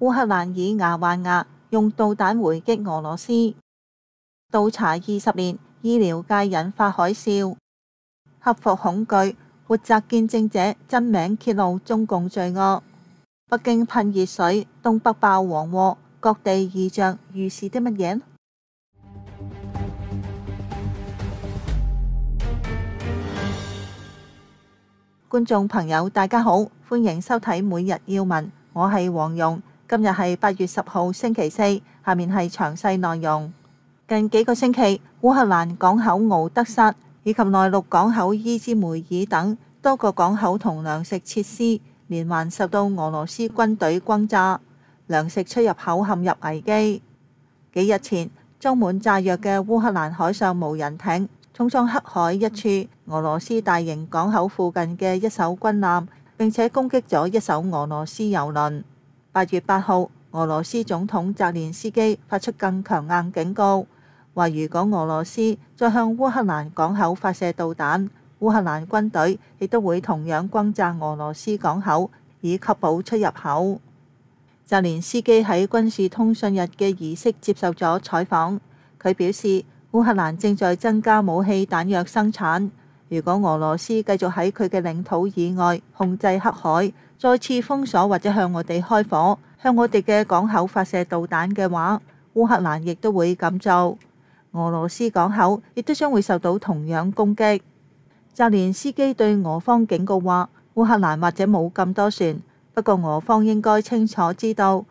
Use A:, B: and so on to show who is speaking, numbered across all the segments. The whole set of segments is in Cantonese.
A: 烏克蘭以牙還牙，用導彈回擊俄羅斯。倒查二十年，醫療界引發海嘯。克服恐懼，活摘見證者真名揭露中共罪惡。北京噴熱水，東北爆蝗禍，各地異象預示的乜嘢？觀眾朋友，大家好，歡迎收睇《每日要聞》，我係黃容。今日係八月十號星期四。下面係詳細內容。近幾個星期，烏克蘭港口敖德薩以及內陸港口伊茲梅爾等多個港口同糧食設施連環受到俄羅斯軍隊轟炸，糧食出入口陷入危機。幾日前，裝滿炸藥嘅烏克蘭海上無人艇衝撞黑海一處俄羅斯大型港口附近嘅一艘軍艦，並且攻擊咗一艘俄羅斯油輪。八月八號，俄羅斯總統澤連斯基發出更強硬警告，話如果俄羅斯再向烏克蘭港口發射導彈，烏克蘭軍隊亦都會同樣轟炸俄羅斯港口，以確保出入口。澤連斯基喺軍事通訊日嘅儀式接受咗採訪，佢表示烏克蘭正在增加武器彈藥生產。如果俄羅斯繼續喺佢嘅領土以外控制黑海，再次封鎖或者向我哋開火，向我哋嘅港口發射導彈嘅話，烏克蘭亦都會咁做，俄羅斯港口亦都將會受到同樣攻擊。澤連斯基對俄方警告話：烏克蘭或者冇咁多船，不過俄方應該清楚知道，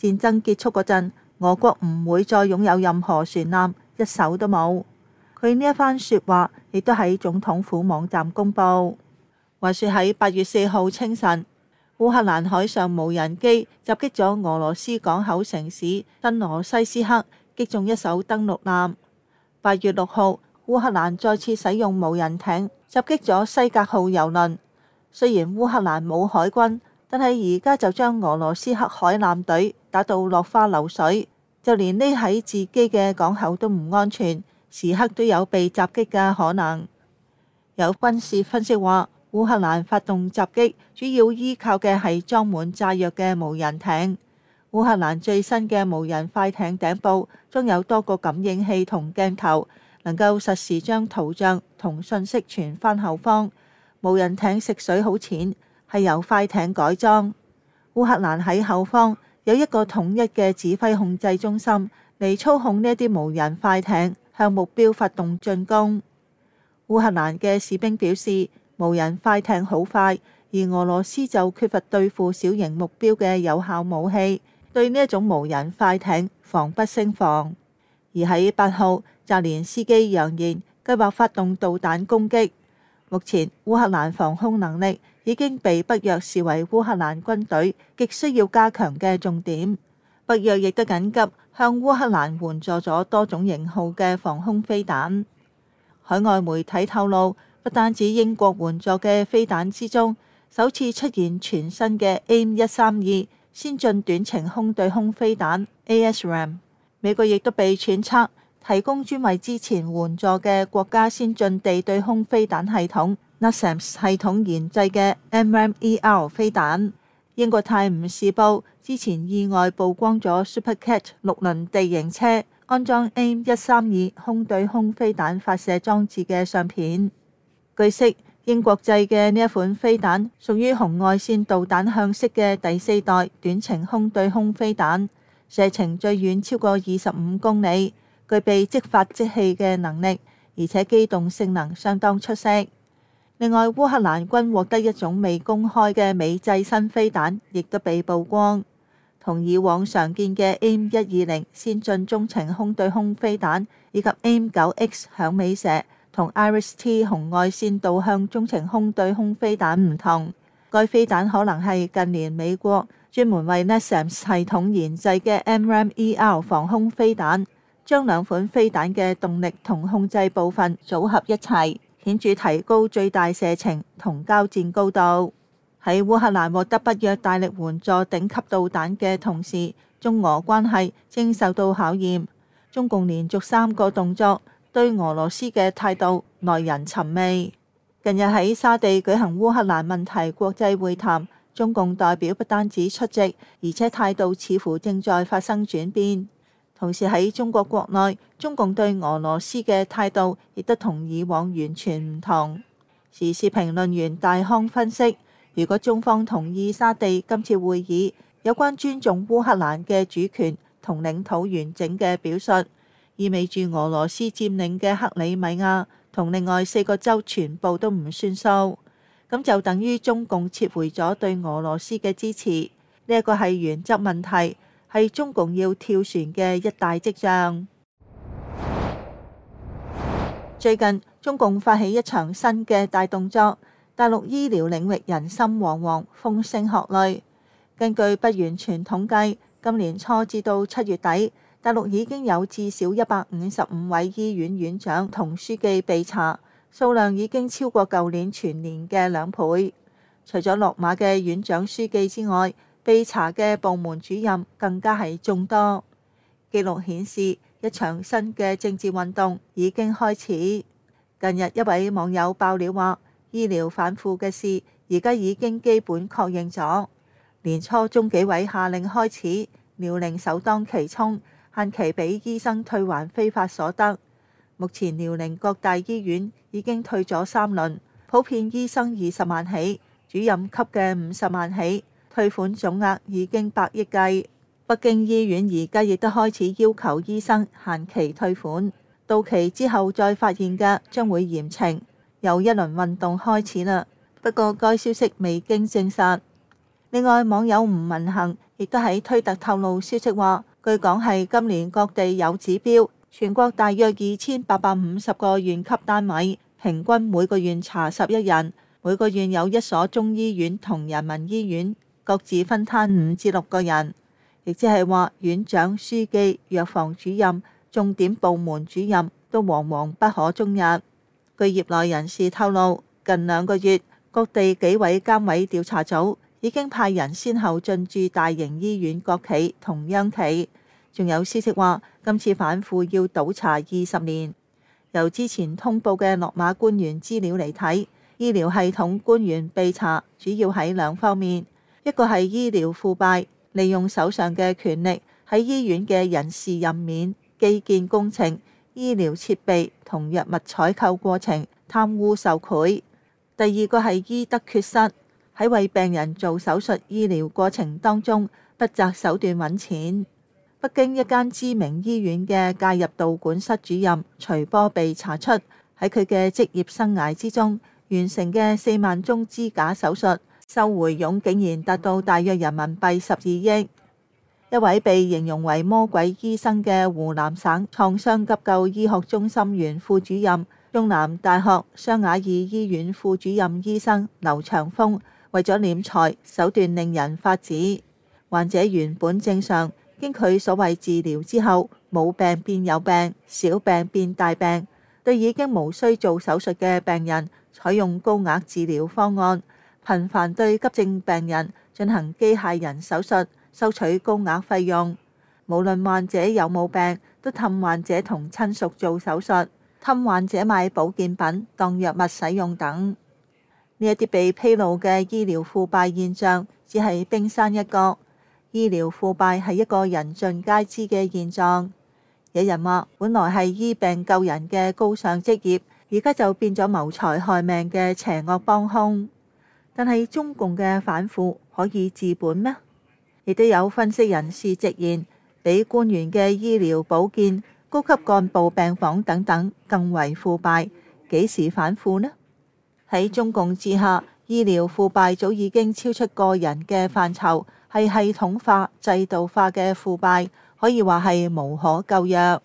A: 戰爭結束嗰陣，俄國唔會再擁有任何船艦，一艘都冇。佢呢一番説話亦都喺總統府網站公佈。話説喺八月四號清晨，烏克蘭海上無人機襲擊咗俄羅斯港口城市新羅西斯克，擊中一艘登陸艦。八月六號，烏克蘭再次使用無人艇襲擊咗西格號油輪。雖然烏克蘭冇海軍，但係而家就將俄羅斯黑海艦隊打到落花流水，就連匿喺自己嘅港口都唔安全。時刻都有被襲擊嘅可能。有軍事分析話，烏克蘭發動襲擊主要依靠嘅係裝滿炸藥嘅無人艇。烏克蘭最新嘅無人快艇頂部裝有多個感應器同鏡頭，能夠實時將圖像同信息傳返後方。無人艇食水好淺，係由快艇改裝。烏克蘭喺後方有一個統一嘅指揮控制中心嚟操控呢啲無人快艇。向目標發動進攻。烏克蘭嘅士兵表示，無人快艇好快，而俄羅斯就缺乏對付小型目標嘅有效武器，對呢一種無人快艇防不勝防。而喺八號，澤連斯基揚言計劃發動導彈攻擊。目前，烏克蘭防空能力已經被北約視為烏克蘭軍隊極需要加強嘅重點。北約亦都緊急向烏克蘭援助咗多種型號嘅防空飛彈。海外媒體透露，不單止英國援助嘅飛彈之中，首次出現全新嘅 AIM-132 先進短程空對空飛彈 ASRAAM。美國亦都被揣測提供專為之前援助嘅國家先進地對空飛彈系統 NASAMS 系統研製嘅 AMRAAM-ER 飛彈。英國《泰晤士報》之前意外曝光咗 Super Cat 六輪地形車安裝 AIM 一三二空對空飛彈發射裝置嘅相片。據悉，英國製嘅呢一款飛彈屬於紅外線導彈向式嘅第四代短程空對空飛彈，射程最遠超過二十五公里，具備即發即棄嘅能力，而且機動性能相當出色。另外，烏克蘭軍獲得一種未公開嘅美製新飛彈，亦都被曝光。同以往常見嘅 AIM 一二零先進中程空對空飛彈以及 AIM 九 X 響尾蛇同 IRIS-T 紅外線導向中程空對空飛彈唔同，該飛彈可能係近年美國專門為 NASAMS 系統研製嘅 AMRAAM-ER 防空飛彈，將兩款飛彈嘅動力同控制部分組合一齊。顯著提高最大射程同交戰高度，喺烏克蘭獲得北約大力援助頂級導彈嘅同時，中俄關係正受到考驗。中共連續三個動作對俄羅斯嘅態度耐人尋味。近日喺沙地舉行烏克蘭問題國際會談，中共代表不單止出席，而且態度似乎正在發生轉變。同時喺中國國內，中共對俄羅斯嘅態度亦都同以往完全唔同。時事評論員大康分析，如果中方同意沙地今次會議有關尊重烏克蘭嘅主權同領土完整嘅表述，意味住俄羅斯佔領嘅克里米亞同另外四個州全部都唔算數，咁就等於中共撤回咗對俄羅斯嘅支持，呢一個係原則問題。係中共要跳船嘅一大跡象。最近中共發起一場新嘅大動作，大陸醫療領域人心惶惶，風聲鶴唳。根據不完全統計，今年初至到七月底，大陸已經有至少一百五十五位醫院院長同書記被查，數量已經超過舊年全年嘅兩倍。除咗落馬嘅院長書記之外，被查嘅部門主任更加係眾多。記錄顯示，一場新嘅政治運動已經開始。近日一位網友爆料話，醫療反腐嘅事而家已經基本確認咗。年初中紀委下令開始，遼寧首當其衝，限期俾醫生退還非法所得。目前遼寧各大醫院已經退咗三輪，普遍醫生二十萬起，主任級嘅五十萬起。退款總額已經百億計，北京醫院而家亦都開始要求醫生限期退款，到期之後再發現嘅將會嚴懲，又一輪運動開始啦。不過該消息未經證實，另外，網友吳文恒亦都喺推特透露消息話，據講係今年各地有指標，全國大約二千八百五十個縣級單位，平均每個縣查十一人，每個縣有一所中醫院同人民醫院。各自分攤五至六個人，亦即係話，院長、書記、藥房主任、重點部門主任都惶惶不可終日。據業內人士透露，近兩個月各地紀委監委調查組已經派人先後進駐大型醫院、國企同央企。仲有消息話，今次反腐要倒查二十年。由之前通報嘅落馬官員資料嚟睇，醫療系統官員被查主要喺兩方面。一個係醫療腐敗，利用手上嘅權力喺醫院嘅人事任免、基建工程、醫療設備同藥物採購過程貪污受賄。第二個係醫德缺失，喺為病人做手術醫療過程當中不擇手段揾錢。北京一間知名醫院嘅介入導管室主任徐波被查出喺佢嘅職業生涯之中完成嘅四萬宗支架手術。收回佣竟然達到大約人民幣十二億。一位被形容為魔鬼醫生嘅湖南省創傷急救醫學中心原副主任、中南大學湘雅二醫院副主任醫生劉長峰，為咗斂財，手段令人發指。患者原本正常，經佢所謂治療之後，冇病變有病，小病變大病，對已經無需做手術嘅病人，採用高額治療方案。頻繁對急症病人進行機械人手術，收取高額費用；無論患者有冇病，都氹患者同親屬做手術，氹患者買保健品當藥物使用等。呢一啲被披露嘅醫療腐敗現象，只係冰山一角。醫療腐敗係一個人盡皆知嘅現狀。有人話，本來係醫病救人嘅高尚職業，而家就變咗謀財害命嘅邪惡幫兇。但係中共嘅反腐可以治本咩？亦都有分析人士直言，比官員嘅醫療保健、高級幹部病房等等，更為腐敗。幾時反腐呢？喺中共之下，醫療腐敗早已經超出個人嘅範疇，係系統化、制度化嘅腐敗，可以話係無可救藥。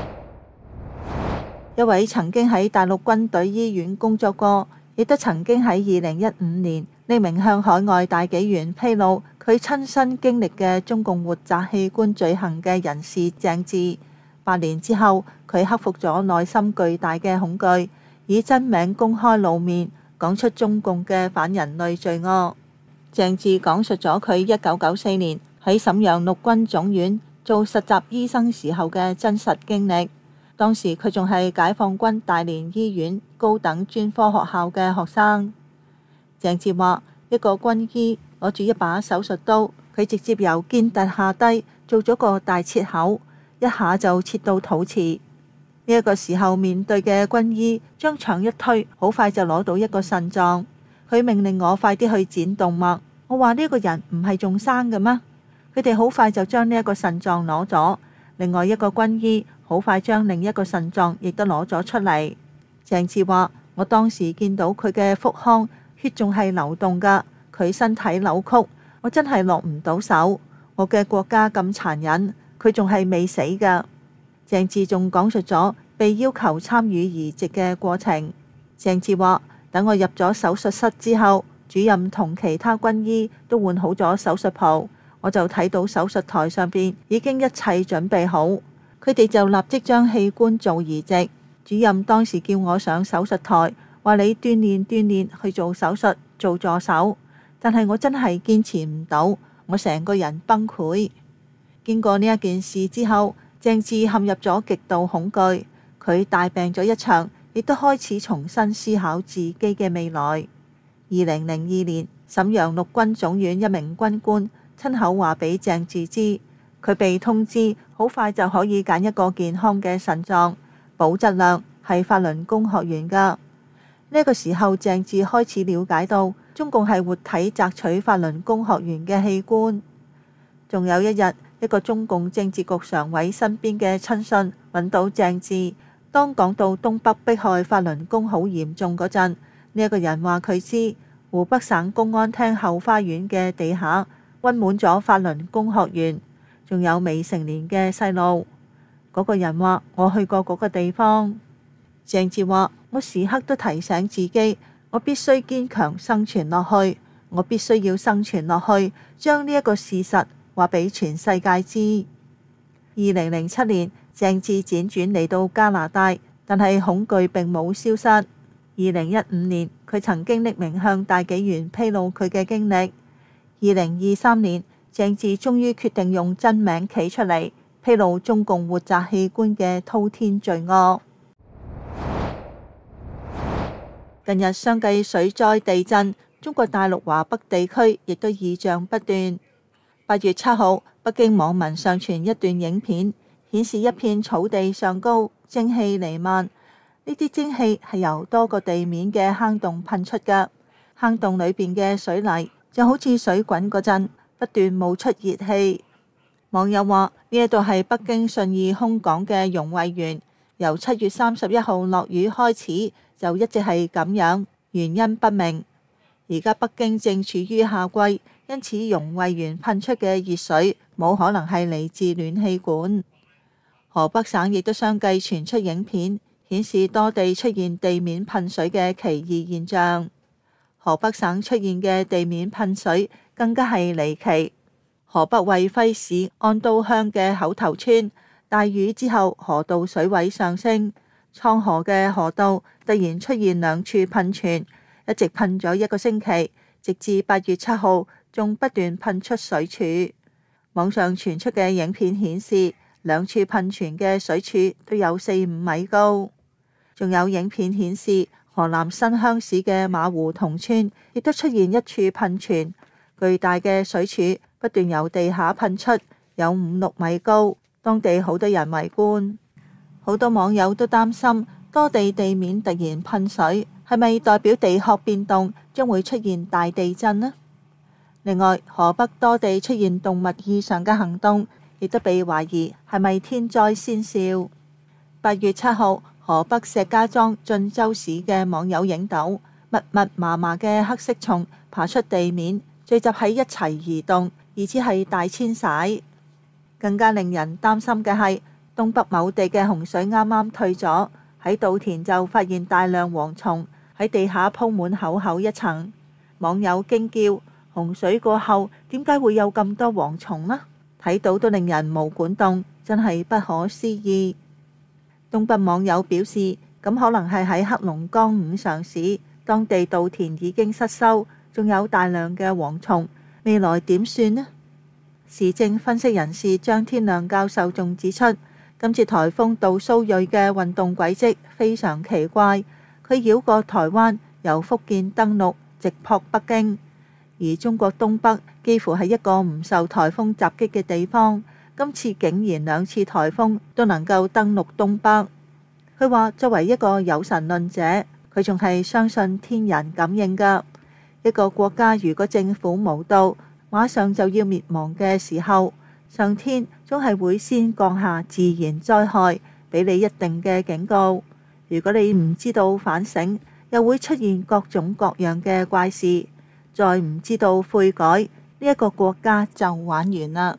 A: 一位曾經喺大陸軍隊醫院工作過，亦都曾經喺二零一五年匿名向海外大紀元披露佢親身經歷嘅中共活摘器官罪行嘅人士鄭智，八年之後佢克服咗內心巨大嘅恐懼，以真名公開露面，講出中共嘅反人類罪惡。鄭智講述咗佢一九九四年喺沈陽陸軍總院做實習醫生時候嘅真實經歷。當時佢仲係解放軍大連醫院高等專科學校嘅學生。鄭哲話：一個軍醫攞住一把手術刀，佢直接由肩突下低做咗個大切口，一下就切到肚臍。呢一個時候面對嘅軍醫將腸一推，好快就攞到一個腎臟。佢命令我快啲去剪動脈。我話呢個人唔係仲生嘅咩？佢哋好快就將呢一個腎臟攞咗。另外一個軍醫。好快將另一個腎臟亦都攞咗出嚟。鄭智話：我當時見到佢嘅腹腔血仲係流動㗎，佢身體扭曲，我真係落唔到手。我嘅國家咁殘忍，佢仲係未死㗎。鄭智仲講述咗被要求參與移植嘅過程。鄭智話：等我入咗手術室之後，主任同其他軍醫都換好咗手術袍，我就睇到手術台上邊已經一切準備好。佢哋就立即將器官做移植。主任當時叫我上手術台，話你鍛煉鍛煉去做手術做助手，但係我真係堅持唔到，我成個人崩潰。經過呢一件事之後，鄭智陷入咗極度恐懼，佢大病咗一場，亦都開始重新思考自己嘅未來。二零零二年，瀋陽陸軍總院一名軍官親口話俾鄭智知。佢被通知好快就可以揀一個健康嘅腎臟，保質量係法輪功學員噶呢、這個時候，鄭智開始了解到中共係活體摘取法輪功學員嘅器官。仲有一日，一個中共政治局常委身邊嘅親信揾到鄭智當講到東北迫害法輪功好嚴重嗰陣，呢、這、一個人話，佢知湖北省公安廳後花園嘅地下溫滿咗法輪功學員。仲有未成年嘅細路嗰個人話：我去過嗰個地方。鄭智話：我時刻都提醒自己，我必須堅強生存落去，我必須要生存落去，將呢一個事實話俾全世界知。二零零七年，鄭智輾轉嚟到加拿大，但係恐懼並冇消失。二零一五年，佢曾經匿名向大紀元披露佢嘅經歷。二零二三年。鄭治終於決定用真名企出嚟，披露中共活摘器官嘅滔天罪惡。近日相繼水災、地震，中國大陸華北地區亦都異象不斷。八月七號，北京網民上傳一段影片，顯示一片草地上高蒸氣彌漫，呢啲蒸汽係由多個地面嘅坑洞噴出噶，坑洞裏邊嘅水泥就好似水滾嗰陣。不斷冒出熱氣，網友話呢一度係北京順義空港嘅融慧園，由七月三十一號落雨開始就一直係咁樣，原因不明。而家北京正處於夏季，因此融慧園噴出嘅熱水冇可能係嚟自暖氣管。河北省亦都相繼傳出影片，顯示多地出現地面噴水嘅奇異現象。河北省出現嘅地面噴水更加係離奇。河北衛輝市安都鄉嘅口頭村，大雨之後河道水位上升，滄河嘅河道突然出現兩處噴泉，一直噴咗一個星期，直至八月七號仲不斷噴出水柱。網上傳出嘅影片顯示，兩處噴泉嘅水柱都有四五米高。仲有影片顯示。河南新鄉市嘅馬湖同村亦都出現一處噴泉，巨大嘅水柱不斷由地下噴出，有五六米高，當地好多人圍觀，好多網友都擔心多地地面突然噴水係咪代表地殼變動將會出現大地震呢？另外，河北多地出現動物異常嘅行動，亦都被懷疑係咪天災先兆。八月七號。河北石家莊晉州市嘅網友影到密密麻麻嘅黑色蟲爬出地面聚集喺一齊移動，而且係大遷徙。更加令人擔心嘅係，東北某地嘅洪水啱啱退咗，喺稻田就發現大量蝗蟲喺地下鋪滿厚厚一層。網友驚叫，洪水過後，點解會有咁多蝗蟲呢？睇到都令人毛管動，真係不可思議。東北網友表示，咁可能係喺黑龍江五常市，當地稻田已經失收，仲有大量嘅蝗蟲，未來點算呢？時政分析人士張天亮教授仲指出，今次颱風杜蘇芮嘅運動軌跡非常奇怪，佢繞過台灣，由福建登陸，直撲北京，而中國東北幾乎係一個唔受颱風襲擊嘅地方。今次竟然兩次颱風都能夠登陸東北，佢話作為一個有神論者，佢仲係相信天人感應噶。一個國家如果政府無道，馬上就要滅亡嘅時候，上天總係會先降下自然災害，俾你一定嘅警告。如果你唔知道反省，又會出現各種各樣嘅怪事。再唔知道悔改，呢一個國家就玩完啦。